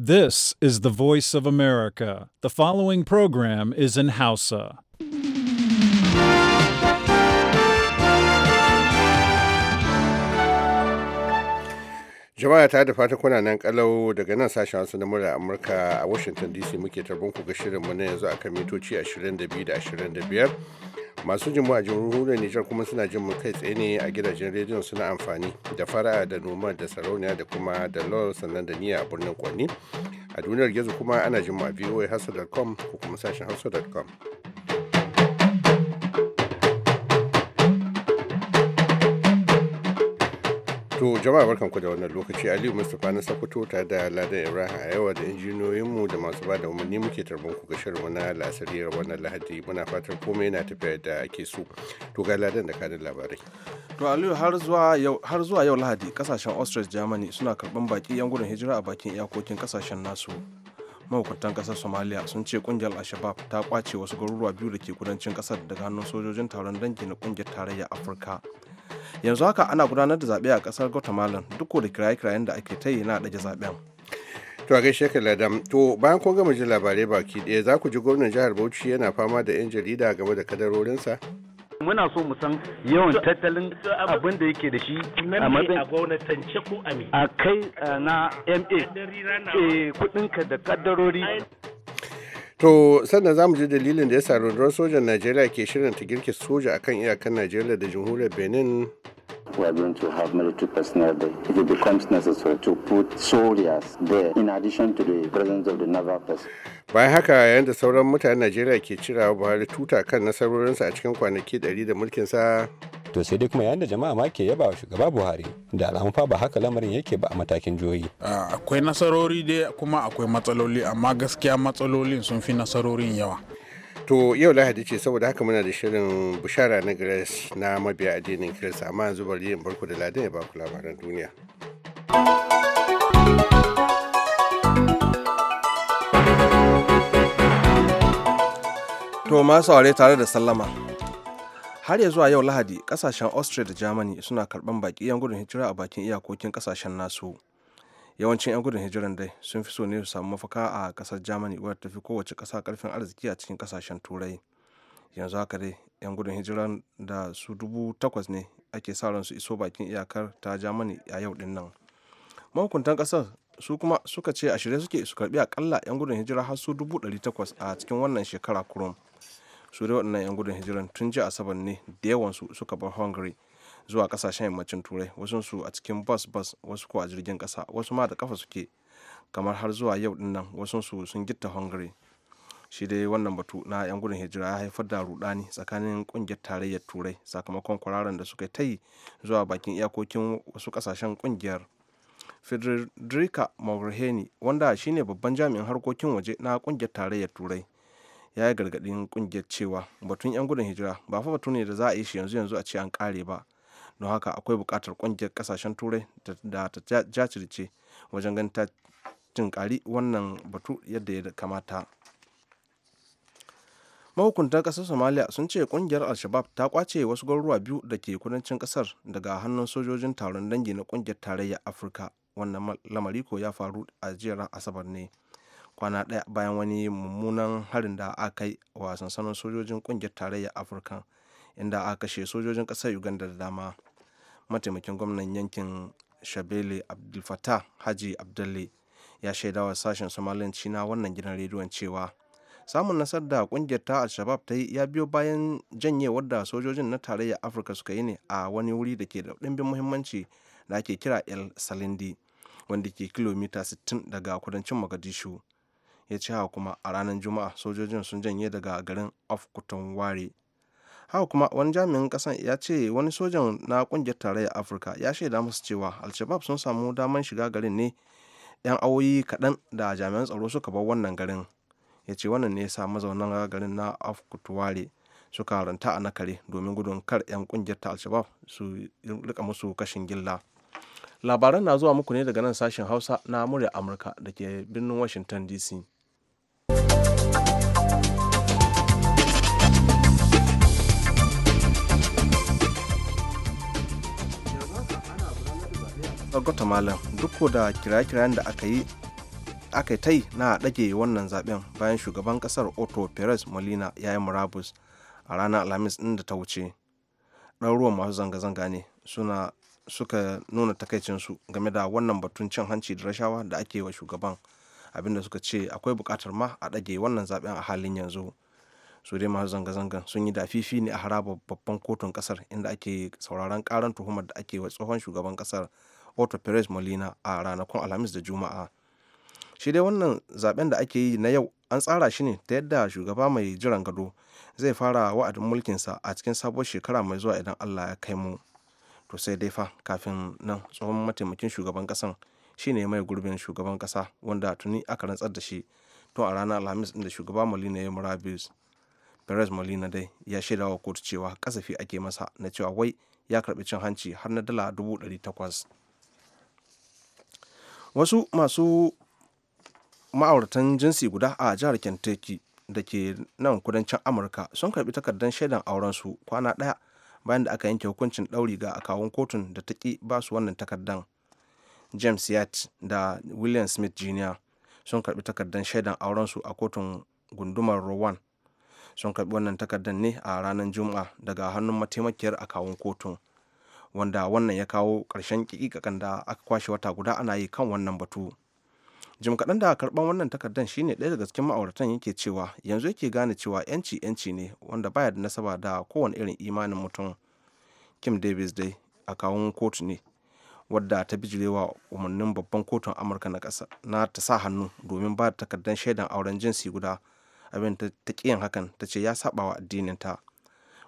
This is the voice of America. The following program is in Hausa. Jama'a ta da fata kuna nan kalau daga nan sashen wasu na murya Amurka a Washington DC muke tarbon ku ga shirinmu na yanzu akan mitoci 22 da 25 masu jin a jamhuriyar nijar kuma suna jin mu kai tsaye ne a gidajen rediyon suna amfani da fara da noma da sarauniya da kuma da lol sannan da niyya a birnin kwanni a duniyar gizo kuma ana jin mu a voa hausa.com ko kuma sashen hausa.com To jama'a barkanku da wannan lokaci Aliyu Mustapha na Sokoto ta da Ladan Ibrahim a yawa da injiniyoyinmu da masu ba da umarni muke tarban ku ga shirin wani la'asariyar wannan Lahadi muna fatar komai yana tafiya da ake so. To ga Ladan da kanin labarai. To Aliyu har zuwa yau Lahadi kasashen Austria Germany suna karban baki yan gudun hijira a bakin iyakokin kasashen nasu. mahukuntan kasar somalia sun ce kungiyar al ta kwace wasu garuruwa biyu da ke kudancin kasar daga hannun sojojin taron dangi na kungiyar tarayyar afirka yanzu haka ana gudanar da zaɓe a ƙasar guatemala duk da kiraye-kirayen da ake ta yi na ɗage zaɓen to a gaishe ka ladam to bayan kun gama jin labarai baki ɗaya za ku ji gwamnan jihar bauchi yana fama da 'yan jarida game da kadarorinsa muna so mu san yawan tattalin abin da yake da shi a matsayin a kai na ma eh, kuɗinka da kaddarori To sannan za mu ji dalilin da ya sa rundunar sojan Najeriya ke shirin ta girke soja akan iyakan Najeriya da jamhuriyar Benin we are going to have military personnel there if it becomes necessary to put soldiers there in addition to the presence of the naval personnel. bayan haka yayin da sauran mutanen najeriya ke cirawa buhari tuta kan nasarorinsa a cikin kwanaki 100 da mulkinsa to sai dai kuma yayin da jama'a ma ke yaba shugaba buhari da alamun fa ba haka lamarin yake ba a matakin jihohi akwai nasarori dai kuma akwai matsaloli amma gaskiya matsalolin sun fi nasarorin yawa to yau lahadi ce saboda haka muna da shirin bishara na grace na mabiya addinin kirista amma yanzu bari yin barku da ladin ya baku labaran duniya to masu tare da sallama har ya zuwa yau lahadi kasashen austria da germany suna karban baki 'yan gudun hijira a bakin iyakokin kasashen nasu yawancin 'yan gudun hijiran dai sun fi so ne su samu mafaka a kasar germany wadda ta fi kowace kasa karfin arziki a cikin kasashen turai yanzu haka dai 'yan gudun hijiran da su dubu takwas ne ake sa ran su iso bakin iyakar ta germany a yau din nan mahukuntan kasar su kuma suka ce a shirye suke su karbi akalla 'yan gudun hijira har su dubu ɗari takwas a cikin wannan shekara kurum su dai waɗannan 'yan gudun hijiran tun ji asabar ne da yawansu suka bar hungary zuwa kasashen yammacin turai wasu su a cikin bas bus wasu ko a jirgin kasa wasu ma da kafa suke kamar har zuwa yau dinnan nan wasu su sun gitta hungary shi dai wannan batu na yan gudun hijira ya haifar da rudani tsakanin kungiyar tarayyar turai sakamakon kwararan da suka ta yi zuwa bakin iyakokin wasu kasashen kungiyar federica mogherini wanda shine babban jami'in harkokin waje na ƙungiyar tarayyar turai ya yi gargaɗin ƙungiyar cewa batun 'yan gudun hijira ba fa batu ne da za a yi shi yanzu yanzu a ce an kare ba don haka akwai buƙatar ƙungiyar ƙasashen turai da ta jajirce wajen ganin ta tinkari wannan batu yadda ya kamata mahukuntan ƙasar somalia sun ce ƙungiyar al-shabab ta kwace wasu garuruwa biyu da ke kudancin ƙasar daga hannun sojojin taron dangi na ƙungiyar tarayyar afirka wannan lamari ko ya faru a jiyar asabar ne kwana ɗaya bayan wani mummunan harin da aka kai wa sansanin sojojin ƙungiyar tarayyar afirka inda aka kashe sojojin kasar uganda da dama mataimakin gwamnan yankin shabele abdulfatah haji abdulle ya shaida wa sashen somaliyanci na wannan gidan rediyon cewa samun nasar da kungiyar ta al-shabab ta yi ya biyo bayan janyewar da sojojin na tarayyar afirka suka yi ne a wani wuri da ke da ɗimbin muhimmanci da ake kira el salindi wanda ke kilomita 60 daga kudancin magadishu. ya ce haka kuma a ranar juma'a sojojin sun janye daga garin ware haka kuma wani jami'in kasan ya ce wani sojan na kungiyar tarayyar afirka ya shaida masu cewa alshabab sun samu damar shiga garin ne yan awoyi kaɗan da jami'an tsaro suka bar wannan garin ya ce wannan ne ya sa mazaunan garin na afkutuware suka ranta a nakare domin gudun kar 'yan kungiyar ta alshabab su rika musu kashin gilla labaran na zuwa muku ne daga nan sashen hausa na murya amurka da ke birnin washington dc tsarkota malam duk da kiraye kiran da aka yi aka ta yi na ɗage wannan zaben bayan shugaban ƙasar otto perez molina ya yi murabus a ranar alhamis ɗin da ta wuce ɗaruruwan masu zanga-zanga ne suna suka nuna takaicinsu game da wannan batun cin hanci da rashawa da ake wa shugaban abinda suka ce akwai bukatar ma a ɗage wannan zaben a halin yanzu su dai masu zanga-zangan sun yi dafifi ne a harabar babban kotun kasar inda ake sauraron karan tuhumar da ake wa tsohon shugaban kasar porto perez molina a ranakun alhamis da juma'a shi dai wannan zaben da ake yi na yau an tsara shi ne ta yadda shugaba mai jiran gado zai fara wa'adin mulkinsa a cikin sabuwar shekara mai zuwa idan allah ya kai mu to sai dai fa kafin nan tsohon mataimakin shugaban kasan shine mai gurbin shugaban kasa wanda tuni aka rantsar da shi to a ranar alhamis da shugaba molina ya murabis perez molina dai ya shaida wa kotu cewa kasafi ake masa na cewa wai ya karbi cin hanci har na dala dubu ɗari takwas wasu masu ma'auratan jinsi guda a jihar kentucky da ke nan kudancin amurka sun karbi takardar shaidan aurensu kwana ɗaya bayan da aka yanke hukuncin dauri ga akawun kotun da ta ki ba su wannan takardar james yatt da william smith jr sun karbi takardar shaidan aurensu a kotun gundumar rowan sun karbi wannan takardar ne a ranar juma'a daga hannun mataimakiyar akawun kotun wanda wannan ya kawo ƙarshen ƙiƙiƙakan da aka kwashe wata guda ana yi kan wannan batu jim kaɗan da karɓan wannan takardar shine ɗaya daga cikin ma'auratan yake cewa yanzu yake gane cewa yanci yanci ne wanda baya da nasaba da kowane irin imanin mutum kim davis dai a kawun kotu ne wadda ta bijirewa umarnin babban kotun amurka na ƙasa na ta sa hannu domin ba da takardar shaidan auren jinsi guda abin ta ƙiyan hakan ta ce ya saɓawa wa addininta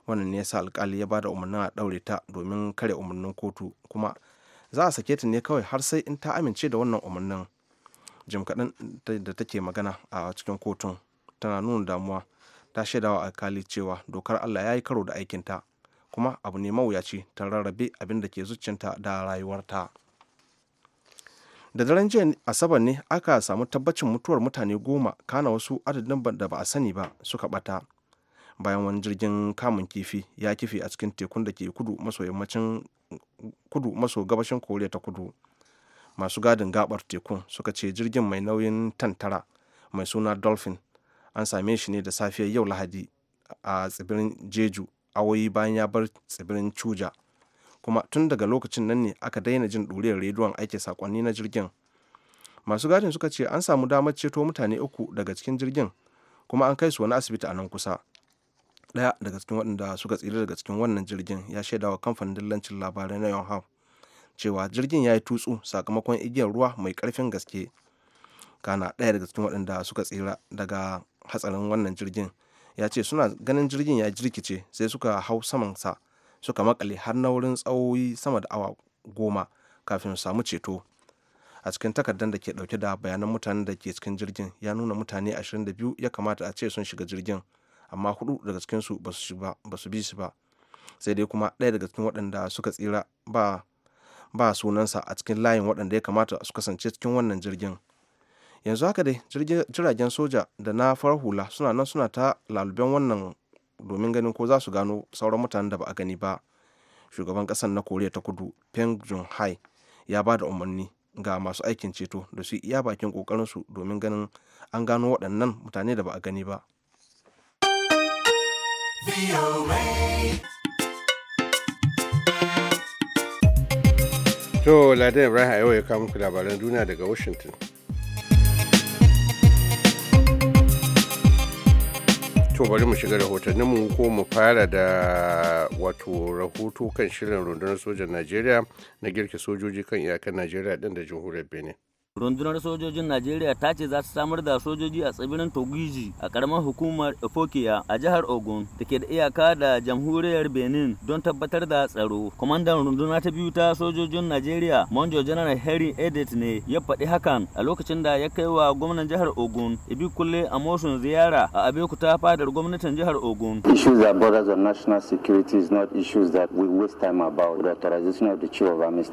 wannan ne yasa alkali ya bada umarnin a daure ta domin kare umarnin kotu kuma za a sake ta ne kawai har sai in ta amince da wannan umarnin jim kaɗan da take magana a cikin kotun tana nuna damuwa ta shaidawa alkali cewa dokar allah ya yi karo da aikin ta kuma abu ne mawuyaci ta rarrabe abin da ke zuciyarta da rayuwarta da daren jiya asabar ne aka samu tabbacin mutuwar mutane goma kana wasu adadin da ba a sani ba suka bata bayan wani jirgin kamun kifi ya kife a cikin tekun da ke kudu maso yammacin kudu maso gabashin koriya ta kudu masu gadin gabar tekun suka ce jirgin mai nauyin tantara mai suna dolphin an same shi ne da safiyar yau lahadi a tsibirin jeju awoyi bayan ya bar tsibirin cuja kuma tun daga lokacin nan ne aka daina jin ɗuriyar rediyon aiki sakonni na jirgin masu gadin suka ce an samu damar ceto mutane uku daga cikin jirgin kuma an kai su wani asibiti a nan kusa daya daga cikin waɗanda suka tsira daga cikin wannan jirgin ya wa kamfanin dillancin labarai na yon yonhap cewa jirgin ya yi tutsu sakamakon igiyar ruwa mai ƙarfin gaske kana ɗaya daga cikin waɗanda suka tsira daga hatsarin wannan jirgin ya ce suna ganin jirgin ya jirkice sai suka hau samansa suka makale har na wurin tsawoyi sama da awa goma kafin su samu ceto a cikin takardar da ke dauke da bayanan mutanen da ke cikin jirgin ya nuna mutane 22 ya kamata a ce sun shiga jirgin amma hudu daga cikinsu ba su bi su ba sai dai kuma ɗaya daga cikin waɗanda suka tsira ba ba sunansa a cikin layin waɗanda ya kamata su kasance cikin wannan jirgin yanzu haka dai jiragen soja da na farar hula suna nan suna ta laluben wannan domin ganin ko za su gano sauran mutanen da ba a gani ba shugaban ƙasar na koriya ta kudu peng hai ya ba da umarni ga masu aikin ceto da su iya bakin kokarin su domin ganin an gano waɗannan mutane da ba a gani ba To Ladin Ibrahim yau ya kawo muku labaran duniya daga Washington. To bari mu shiga mu ko mu fara da wato rahoto kan shirin rundunar sojan Najeriya na girke sojoji kan iyakan Najeriya din da jamhuriyar Benin. rundunar sojojin najeriya ta ce za su samar da sojoji a tsibirin togiji a karamar hukumar ifokiya a jihar ogun da ke da iyaka da jamhuriyar benin don tabbatar da tsaro kwamandan runduna ta biyu ta sojojin najeriya monjo general harry edit ne ya faɗi hakan a lokacin da ya kai wa gwamnan jihar ogun ibi kulle a motion ziyara a abekuta fadar gwamnatin jihar ogun issues that borders national security is not issues that we waste about the the chief of army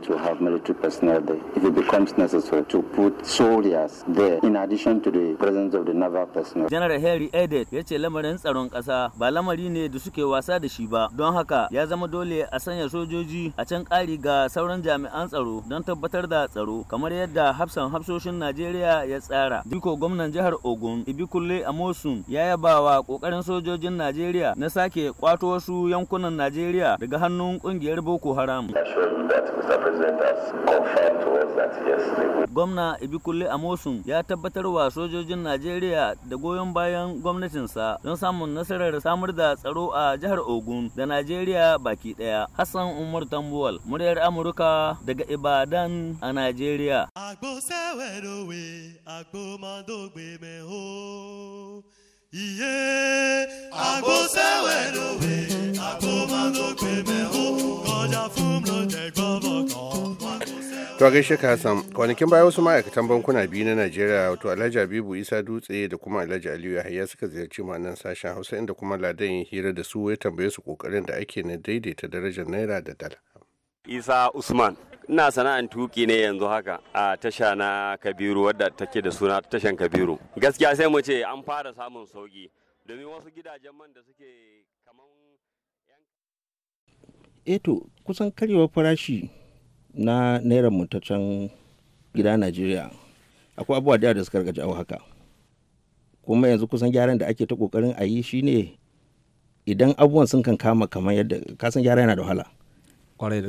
to have military personnel there necessary to put soldiers there in addition to the presence of the naval personnel. General Harry Edet ya ce lamarin tsaron ƙasa ba lamari ne da suke wasa da shi ba don haka ya zama dole a sanya sojoji a can ƙari ga sauran jami'an tsaro don tabbatar da tsaro kamar yadda hafsan hafsoshin Najeriya ya tsara. Diko gwamnan jihar Ogun Ibikulle Amosun ya yaba wa ƙoƙarin sojojin Najeriya na sake kwato wasu yankunan Najeriya daga hannun ƙungiyar Boko Haram. That Gwamna Ibikunle Amosun ya tabbatar wa sojojin Najeriya da goyon bayan gwamnatinsa don samun nasarar samar da tsaro a jihar Ogun da Najeriya baki ɗaya. Hassan Umar Tambuwal, muryar Amurka daga Ibadan a Najeriya. to gaishe ka sam kwanakin baya wasu ma'aikatan bankuna biyu na najeriya wato alhaji abibu isa dutse da kuma alhaji aliyu yahaya suka ziyarci nan sashen hausa inda kuma ladan ya hira da su ya tambaye su kokarin da ake na daidaita darajar naira da dala isa usman ina sana'an tuki ne yanzu haka a tasha na kabiru wadda take da suna tashan kabiru gaskiya sai mu ce an fara samun sauki domin wasu gidajen man da suke kaman eto eh kusan karyewar farashi na naira mu ta can gida najeriya akwai abubuwa da suka rika jawo haka kuma yanzu kusan gyaran da ake ta kokarin a yi shine idan abubuwan sun kan kama kamar yadda kasan gyara yana da wahala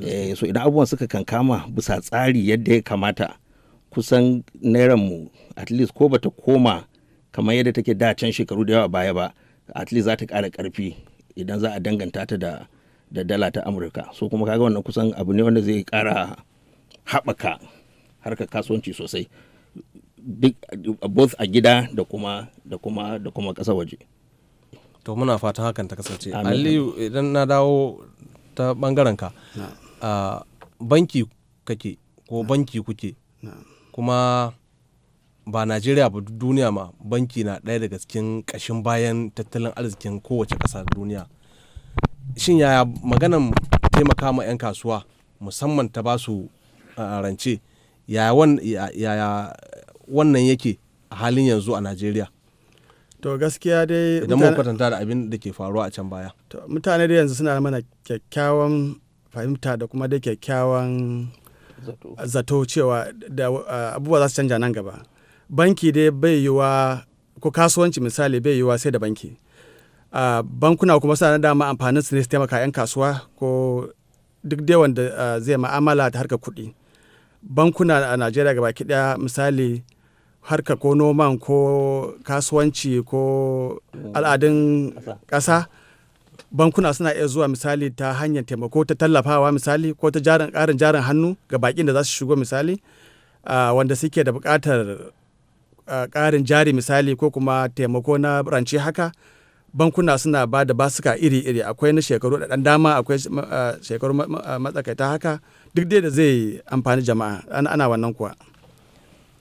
eh, so idan abubuwan suka kan kama bisa tsari yadda ya kamata kusan naira mu at least ko bata koma kamar yadda take da can shekaru da yawa baya ba at least za ta ƙara ƙarfi idan za a danganta ta da da dala ta amurka so kuma kaga wannan kusan abu ne wanda zai kara haɓaka harkar kasuwanci sosai both a gida da kuma da kuma da kuma ƙasa waje to muna fatan hakan ta kasance aliyu idan na dawo ta bangaren ka banki kake ko banki kuke kuma ba najeriya ba duniya ma banki na ɗaya daga cikin ƙashin bayan tattalin arzikin kowace ƙasa duniya shin yaya maganan taimaka ma 'yan kasuwa musamman ta ba su rance yaya wannan yake a halin yanzu a najeriya to gaskiya dai idan mun kwatanta da abin da ke faruwa a can baya to mutane da yanzu suna mana kyakkyawan fahimta da kuma da kyakkyawan zato cewa da abubuwa za su canja nan gaba banki dai bai yiwa ko kasuwanci misali bai yiwa sai da banki bankuna kuma suna dama amfanin su ne su taimaka 'yan kasuwa ko duk dai wanda zai ma'amala ta harkar kuɗi bankuna a najeriya gaba ɗaya misali harka ko noman ko kasuwanci ko al'adun ƙasa bankuna suna iya zuwa misali ta hanyar taimako ta tallafawa misali ko ta jarin ƙarin jarin hannu ga bakin da za su shigo misali wanda suke da buƙatar ƙarin jari misali ko kuma taimako na rance haka bankuna suna ba da basuka iri-iri akwai na shekaru da dama akwai shekaru matsakaita haka duk dai da zai amfani jama'a ana wannan kuwa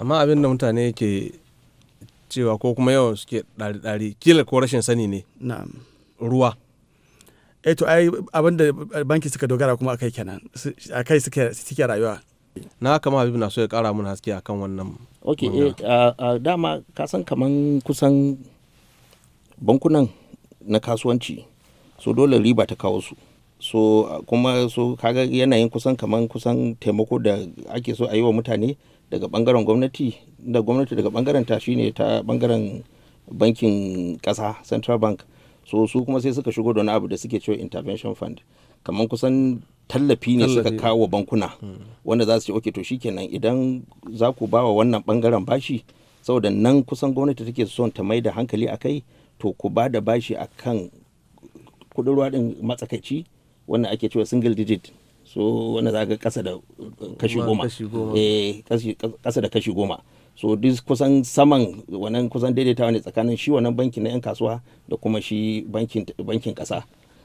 amma abin da mutane ke cewa ko kuma yawan suke ɗari-ɗari kila ko rashin sani ne ruwa eh to ai abin da banki suka dogara kuma akai kenan akai suke rayuwa na kama habibu na so ya kara mun haske akan wannan ok eh, dama kasan kaman kusan bankunan na kasuwanci so dole riba ta kawo su so kuma so kaga yanayin kusan kaman kusan taimako da ake so a yi wa mutane daga bangaren gwamnati da gwamnati daga bangaren ta shine ta bangaren bankin kasa central bank so su kuma sai suka shigo da wani abu da suke cewa intervention fund kaman kusan tallafi ne suka kawo bankuna hmm. wanda za su ce ok to shikenan idan za ku ba wa wannan bangaren bashi saboda nan kusan gwamnati take son ta mai da hankali a kai to ku ba da bashi a kan kudin ruwa din matsakaici wannan ake cewa single digit so wannan za ga kasa da eh, kashi goma eh, kasa da kashi goma so this kusan saman wannan kusan daidaitawa ne tsakanin shi wannan bankin na 'yan kasuwa da kuma shi bankin kasa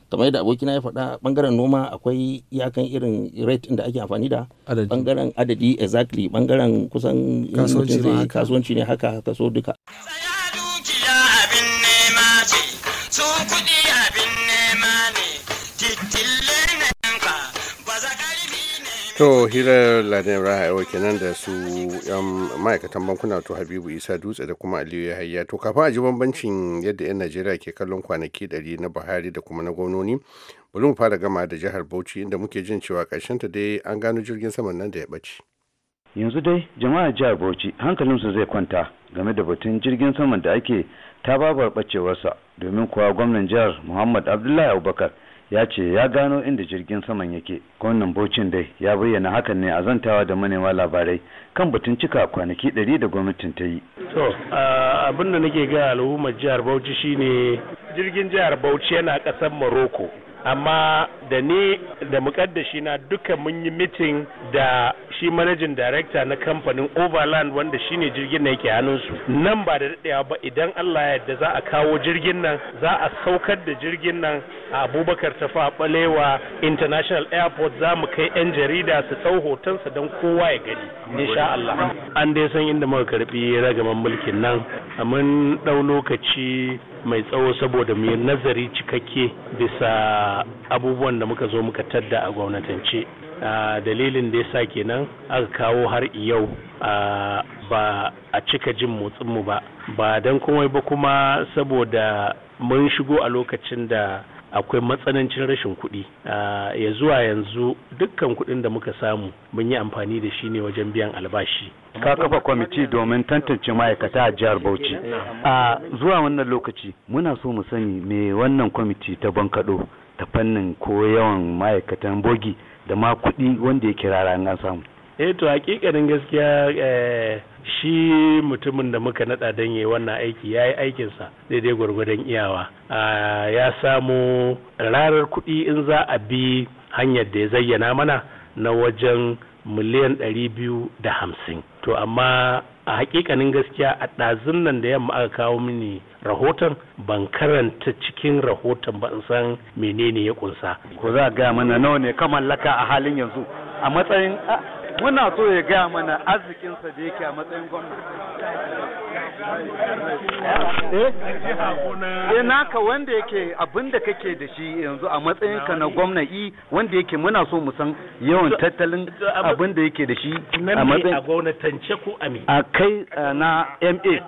kamar yadda abokina ya faɗa bangaren noma akwai iyakan irin rate da ake amfani da bangaren adadi exactly bangaren kusan kasuwanci ne haka kaso duka su kuɗi abin nema ne titille na ba za to hirar ladin kenan da su yan ma'aikatan bankuna to habibu isa dutse da kuma aliyu ya ya to kafin a ji bambancin yadda 'yan najeriya ke kallon kwanaki dari na buhari da kuma na gwamnoni bari mu fara gama da jihar bauchi inda muke jin cewa ta dai an gano jirgin saman nan da ya ɓace yanzu dai jama'a jihar bauchi hankalinsu zai kwanta game da batun jirgin saman da ake ta babar bacewarsa domin kuwa gwamnan jihar muhammad abdullahi abubakar ya ce ya gano inda jirgin saman yake gwamnan bauchin dai ya bayyana hakan ne a zantawa da manema labarai kan batun cika kwanaki ɗari da gwamnatin ta yi to abin da nake ga al'ummar jihar bauchi shine jirgin jihar bauchi yana ƙasar maroko amma da ni da mukaddashi na duka mun yi mitin da shi manajin director na kamfanin overland wanda shine jirgin nan yake hannunsu nan ba da daɗewa ba idan allah ya yarda za a kawo jirgin nan za a saukar da jirgin nan a abubakar ta balewa international airport za mu kai 'yan jarida su tsau hotonsa don kowa ya gani insha allah an dai san inda muka karbi ragaman mulkin nan mun ɗau lokaci mai tsawo saboda mu nazari cikakke bisa abubuwan da muka zo muka tadda a gwamnatance dalilin da ya sa kenan aka kawo har yau ba a cika jin motsinmu ba ba don komai ba kuma saboda mun shigo a lokacin da akwai matsanancin rashin kuɗi ya zuwa yanzu dukkan kuɗin da muka samu mun yi amfani da shi ne wajen biyan albashi ka kafa kwamiti domin tantance ma'aikata a jihar bauchi a zuwa wannan lokaci muna so mu sani me wannan kwamiti ta bankaɗo ta fannin ko yawan ma'aikatan bogi da ma kuɗi wanda ya kira ranar samu eh to hakikanin gaskiya eh, shi mutumin da muka nada don yi wannan aiki ya yi aikinsa daidai gwargwadon iyawa ya samu rarar kuɗi in za a bi hanyar da ya zayyana mana na wajen miliyan ɗari biyu da hamsin to amma a hakikanin gaskiya a ɗazun nan da yamma aka kawo mini rahoton ban karanta cikin rahoton in san menene ya kunsa ko za a gaya mana nawa ne ka mallaka a halin yanzu a matsayin muna so ya gaya mana arzikinsa da yake a matsayin gwamna eh, eh naka wanda yake abin da kake da shi yanzu a matsayin ka na gwamna i wanda yake muna so mu san yawan tattalin abin yake da shi a matsayin a gwamnatance ko a a kai na MA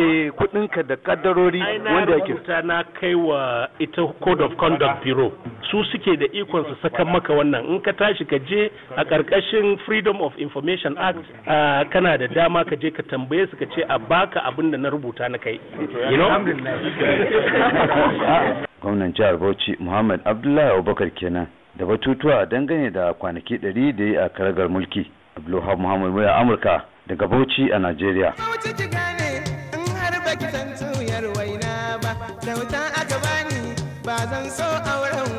eh ka da kaddarori wanda yake na kai wa ita code of conduct bureau su suke da ikon su saka maka wannan in ka tashi ka je a karkashin freedom of information act uh, kana da dama ka je ka tambaye su ka ce a baka abin da na rubuta na kai gwamnan jihar bauchi muhammad abdullahi abubakar kenan da batutuwa dangane da kwanaki 100 da yi a karagar mulki abdullahi muhammad muya amurka daga bauchi a nigeria ba zan so auren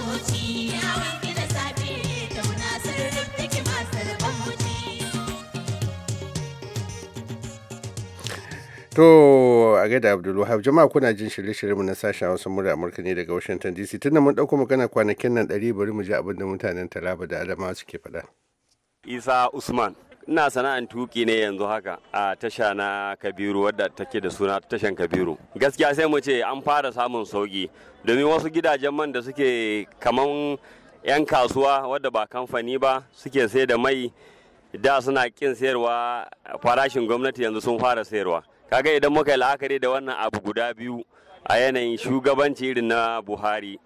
To a gaida wahab jama'a kuna jin shirye-shiryenmu na sashen Hausa murya Amurka ne daga Washington DC tunda mun ɗauko magana kwanakin nan ɗari bari mu ji abin da mutanen Talaba da alama suke faɗa. Isa Usman ina sana'an tuki ne yanzu haka a tasha na kabiru wadda take da suna tashan kabiru gaskiya sai mu ce an fara samun sauki domin wasu gidajen man da suke kaman 'yan kasuwa wadda ba kamfani ba suke sai da mai da suna kin sayarwa farashin gwamnati yanzu sun fara sayarwa kaga idan muka yi la'akari da wannan abu guda biyu a yanayin shugabanci irin na buhari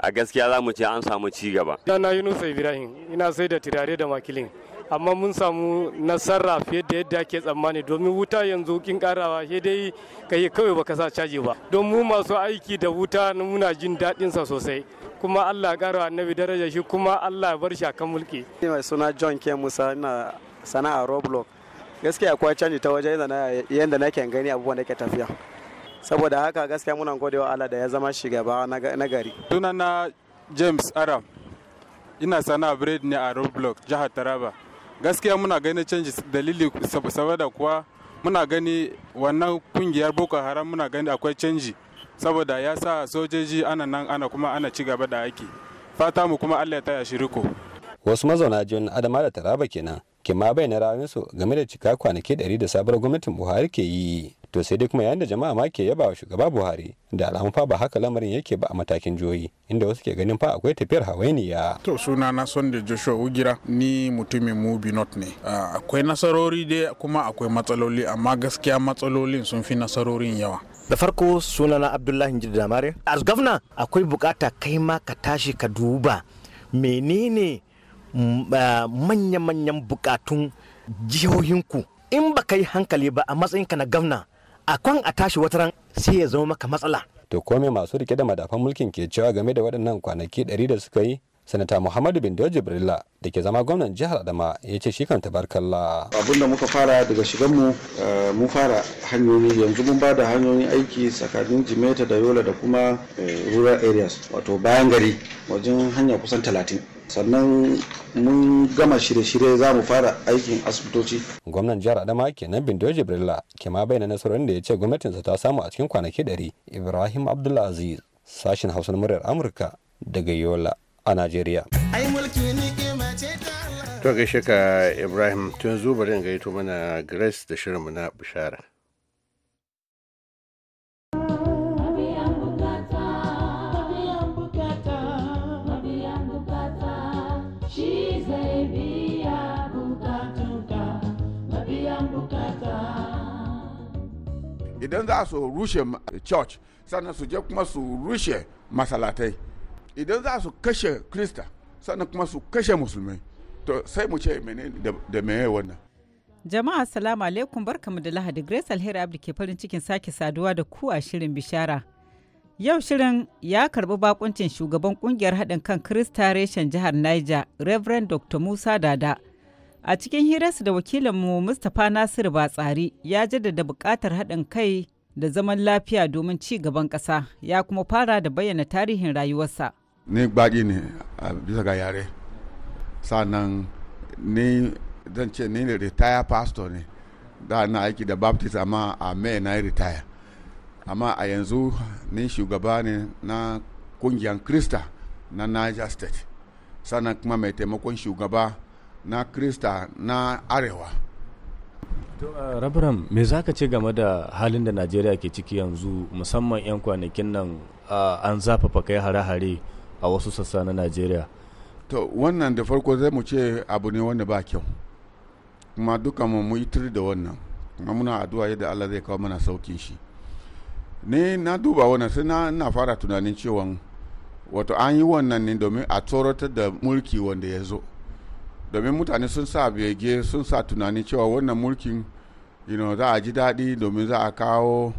a gaskiya za mu ce an samu ci gaba. Ibrahim ina sai da tirare da makilin. amma mun samu nasara fiye da yadda ake tsammani domin wuta yanzu kin karawa sai dai ka yi kawai baka sa caji ba don mu masu aiki da wuta muna jin daɗin sa sosai kuma Allah ya kara annabi daraja shi kuma Allah ya bar shi akan mulki ni mai suna John K Musa ina sana'a Roblox gaskiya akwai canji ta wajen yadda nake gani abubuwan da ke tafiya saboda haka gaskiya muna godewa Allah da ya zama shugaba na gari sunana James Aram ina sana'a bread ne a Roblox jihar Taraba gaskiya muna gani canji dalili saboda kuwa muna gani wannan kungiyar boko haram muna gani akwai canji saboda ya sa sojoji ana nan ana kuma ana ci gaba da aiki fata mu kuma allah ya taya shi riko wasu mazauna jin adama da taraba kenan ke ma bayyana ra'ayinsu game da cika kwanaki 100 da sabuwar gwamnatin buhari ke yi to sai dai kuma yayin da jama'a ma ke yaba wa shugaba buhari da alamun fa ba haka lamarin yake ba a matakin jihohi inda wasu ke ganin fa akwai tafiyar hawainiya to suna na sunday joshua ugira ni mutumin mubi not ne ah, akwai nasarori dai kuma akwai matsaloli amma gaskiya matsalolin sun fi nasarorin yawa da farko suna na abdullahi jirgin damare as gafna akwai bukata kai ma ka tashi ka duba menene mm, ah, manya-manyan bukatun jihohinku in ba ka yi hankali ba a matsayinka na gafna. a kwan a tashi wata ran sai ya zama maka matsala to kome masu rike da madafan mulkin ke cewa game da waɗannan kwanaki ɗari da suka yi sanata muhammadu bin jibrila birla da ke zama gwamnan jihar adama ya ce shi kan tabarkalla abin da muka fara daga shiganmu mu eh, fara hanyoyi yanzu mun ba da hanyoyin aiki tsakanin jimeta da yola da kuma eh, rural areas wato bayan gari wajen hanya kusan talatin sannan mun gama shirye-shirye za mu fara aikin asibitoci. gwamnan jihar adama kenan bindo jibrila ke ma bayyana nasarorin da ya ce gwamnatinsa ta samu a cikin kwanaki ɗari. ibrahim abdulaziz sashen hausa muryar amurka daga yola a najeriya to gaishe ka ibrahim tun zubarin gaito mana grace da shirinmu na bishara idan za su rushe eh, church sannan su je kuma su rushe masalatai idan za su kashe krista sannan kuma su kashe musulmai to sai mu ce mene da mene wannan jama'a salamu alaikum barkamu da lahadi grace alheri abdi ke farin cikin sake saduwa da ku a shirin bishara yau shirin ya karbi bakuncin shugaban kungiyar haɗin kan krista reshen jihar niger reverend dr musa dada A cikin hirarsa da wakilinmu Mustapha Nasiru Batsari ya jaddada bukatar haɗin kai da zaman lafiya domin ci gaban ƙasa ya kuma fara da bayyana tarihin rayuwarsa. Ni baƙi ne a bisa ga yare. Sannan ni zan ce ni ne retire pastor ne. Da na aiki da baptist amma a mai na retire. Amma a yanzu ni shugaba ne na kungiyar Krista na Niger State. Sannan kuma mai taimakon shugaba na krista na arewa to uh, me za ka ce game da halin da najeriya ke ciki yanzu musamman 'yan kwanakin nan uh, an zafafa kai hare-hare a wasu sassa na najeriya to wannan da farko zai mu ce abu ne wanda ba kyau kuma duka mu yi da wannan kuma muna addu'a yadda allah zai kawo mana saukin shi ne na duba wannan sai na ina fara tunanin cewa wato an yi wannan ne domin a tsoratar da mulki wanda ya zo domin mutane sun sa bege sun sa tunani cewa wannan mulkin you know, za a ji daɗi domin za a kawo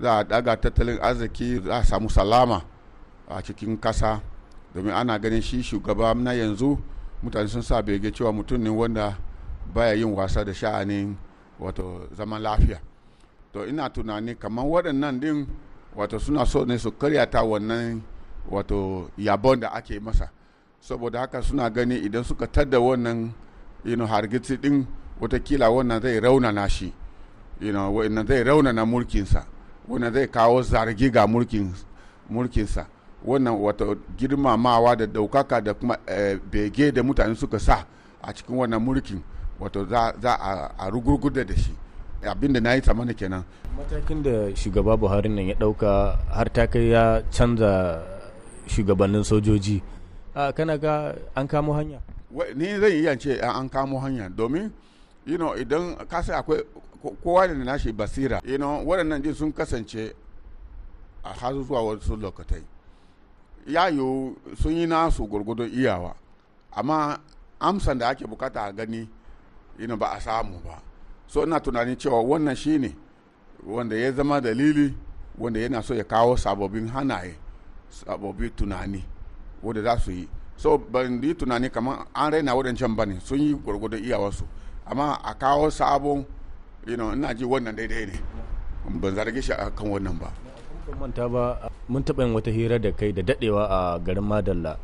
za a daga tattalin arziki za a samu salama a cikin kasa domin ana ganin shi shugaba na yanzu mutane sun sa bege cewa mutum ne wanda baya yin wasa da sha'anin wato zaman lafiya to ina tunani kamar waɗannan ɗin wato suna so ne su karyata wannan wato yabon da ake masa saboda haka suna gani idan suka tada wannan you know, hargitsi din watakila wannan zai raunana shi you know, wannan zai raunana mulkinsa wannan zai kawo zargi ga mulkin mulkinsa wannan wata girmamawa da daukaka da kuma eh, bege da mutane suka sa a cikin wannan mulkin wato za, za a, a da shi abinda da na yi tsammanin kenan matakin da shugaba buhari nan ya dauka har ta kai ya canza shugabannin sojoji kana ga an kamo hanya ni zan iya ce an kamo hanya domin you know idan ka sai akwai kowa da nashi basira you know waɗannan din sun kasance a har zuwa wasu lokatai ya yi sun yi nasu gurgudu iyawa amma amsan da ake bukata a gani you ba a samu ba so ina tunanin cewa wannan shine wanda ya zama dalili wanda yana so ya kawo sababbin hanaye sababbin tunani wadda za su yi so ban yi tunani kamar an raina wadancan ba ne sun yi gwargwadon iyawarsu amma a kawo sabon ina ji wannan daidai ne ban zarge shi a kan wannan ba manta ba mun taɓa yin wata hira da kai da daɗewa a garin madalla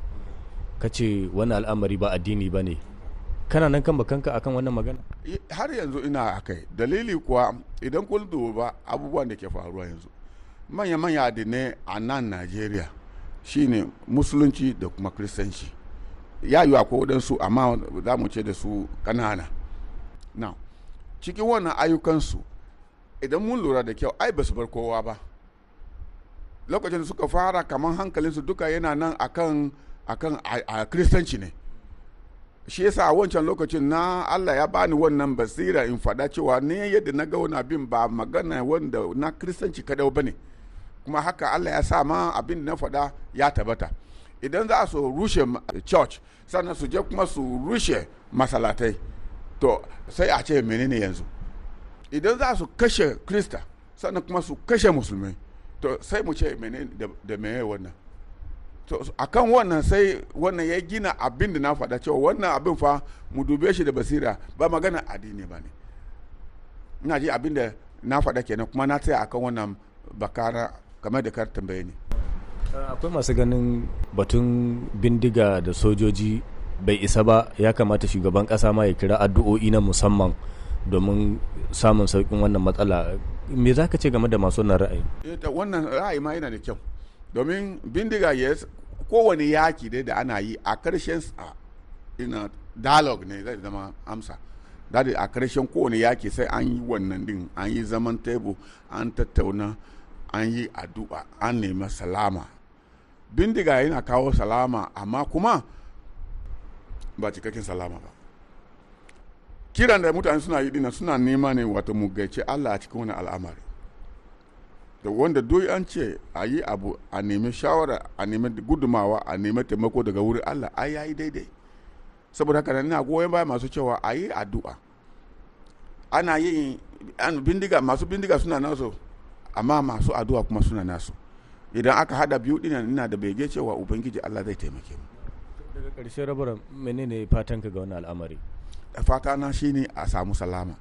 ka ce wani al'amari ba addini ba ne kana nan kan bakanka akan wannan magana har yanzu ina a kai dalili kuwa idan kun duba abubuwan da ke faruwa yanzu manya-manya addinai a nan najeriya shine musulunci da kuma kristanci ya yi akwai waɗansu amma za mu ce da su ƙanana na cikin wannan ayyukansu idan mun lura da kyau ai ba su bar kowa ba lokacin da suka fara kamar hankalinsu duka yana nan akan akan a kristanci ne shi yasa a wancan lokacin na Allah ya bani wannan basira in faɗa cewa ne yadda na ga wani abin ba magana wanda na kristanci kadau ba ne kuma haka Allah ya sa ma abin na faɗa ya tabbata idan za su rushe eh, church sannan su je kuma su rushe masalatai to sai a ce menene yanzu idan za su kashe krista sannan kuma su kashe musulmai to sai mu ce menene da meye wannan to a kan wannan sai wannan ya gina abin da na faɗa cewa wannan abin fa mu dube shi da basira ba magana addini ba ne ina ji abin da na faɗa kenan kuma na tsaya akan wannan bakara kamar da kar tambaye ne akwai masu ganin batun bindiga da sojoji bai isa ba ya kamata shugaban kasa ma ya kira addu'o'i na musamman domin samun sauƙin wannan matsala me za ka ce game da masu wannan ra'ayi eh, wannan ra'ayi ma yana da kyau domin bindiga ya kowane yaki dai da ana yi a karshen ina dialogue ne zai zama amsa dadi a karshen kowane yaki sai an yi wannan din an yi zaman tebur an tattauna an yi addu'a an nemi salama bindiga yana kawo salama amma kuma ba cikakken salama ba kiran da mutane suna yi dina suna nema ne wata mu gaice Allah a cikin wani al'amari da wanda duk an ce a yi abu a nemi shawara a nemi gudumawa a nemi taimako daga wuri Allah ai yayi daidai saboda haka ina goyon baya masu cewa a yi addu'a ana yin bindiga masu bindiga suna naso amma masu addu'a kuma suna nasu idan aka hada biyu dinan ina da bege cewa ubangiji Allah zai taimake mu daga ƙarshe rabar menene fatan ka ga wani al'amari fata na shine a samu salama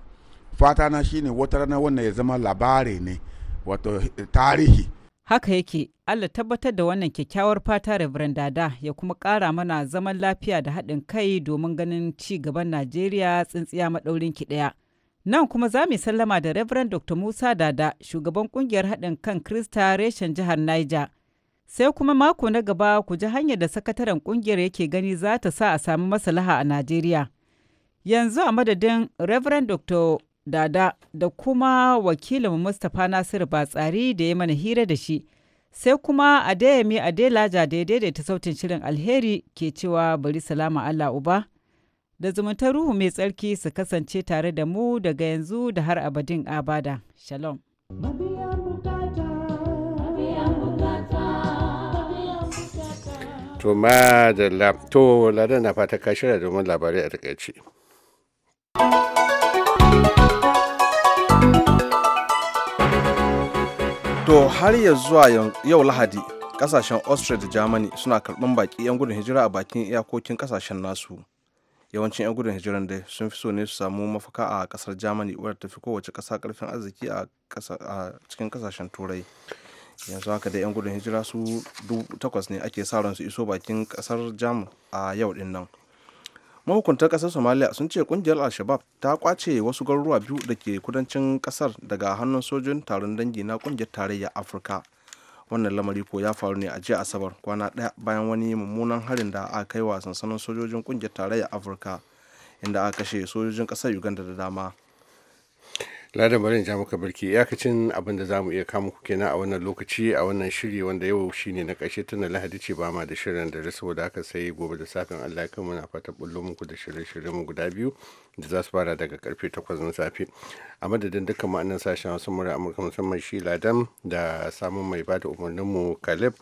fata na shine wata rana wannan ya zama labari ne wato tarihi haka yake Allah tabbatar da wannan kyakkyawar fata Reverend Dada ya kuma kara mana zaman lafiya da haɗin kai domin ganin ci gaban Najeriya tsintsiya maɗaurinki ki ɗaya. Nan kuma za mu sallama da Reverend Dr. Musa Dada, shugaban kungiyar haɗin kan Krista reshen jihar Niger. Sai kuma mako na gaba ku ji hanyar da sakataren kungiyar yake gani za ta sa a sami maslaha a Najeriya. Yanzu a madadin Reverend Dr. Dada da kuma wakilin Mustapha Nasiru tsari da ya mana hira da shi. Sai kuma a Adeyemi Adelaja da ya daidaita sautin shirin alheri ke cewa bari salama Allah Uba. da zumunta ruhu mai tsarki su kasance tare da mu daga yanzu da har abadin abada. Shalom. To da to ladan na fata ka shirya domin labarai a takaice. To har ya zuwa yau Lahadi, kasashen Austria da Germany suna karɓan baƙi 'yan gudun hijira a bakin iyakokin kasashen nasu. yawancin 'yan gudun hijiran dai sun fi so ne su samu mafaka a kasar germany wadda ta fi kowace kasa karfin arziki a cikin kasashen turai yanzu haka da 'yan gudun hijira su takwas ne ake sa ran su iso bakin kasar jam a yau din nan mahukuntar kasar somalia sun ce kungiyar al-shabab ta kwace wasu garuruwa biyu da ke kudancin kasar daga hannun sojin taron dangi na kungiyar tarayya afirka wannan lamari ko ya faru ne a jiya asabar kwana ɗaya bayan wani mummunan harin da aka kai wa sansanin sojojin kungiyar tarayyar afirka inda aka kashe sojojin ƙasar uganda da dama Ladan barin ja muka barki iyakacin abin da za mu iya kamu kenan a wannan lokaci a wannan shiri wanda yau shine na ƙarshe tana lahadi ce ba ma da shirin da rasu da aka sai gobe da safin Allah kan muna fata bullo muku da shirye-shiryen guda biyu da za su fara daga karfe 8 na safe. A madadin dukkan ma'anan sashen wasu mura Amurka musamman shi Ladan da samun mai bada umarnin mu Caleb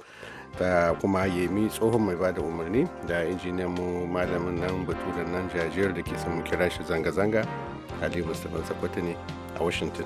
da kuma Yemi tsohon mai bada umarni da injiniyan mu malamin nan baturen nan jajiyar da ke mu kira shi zanga-zanga Ali Mustapha my ne in Washington.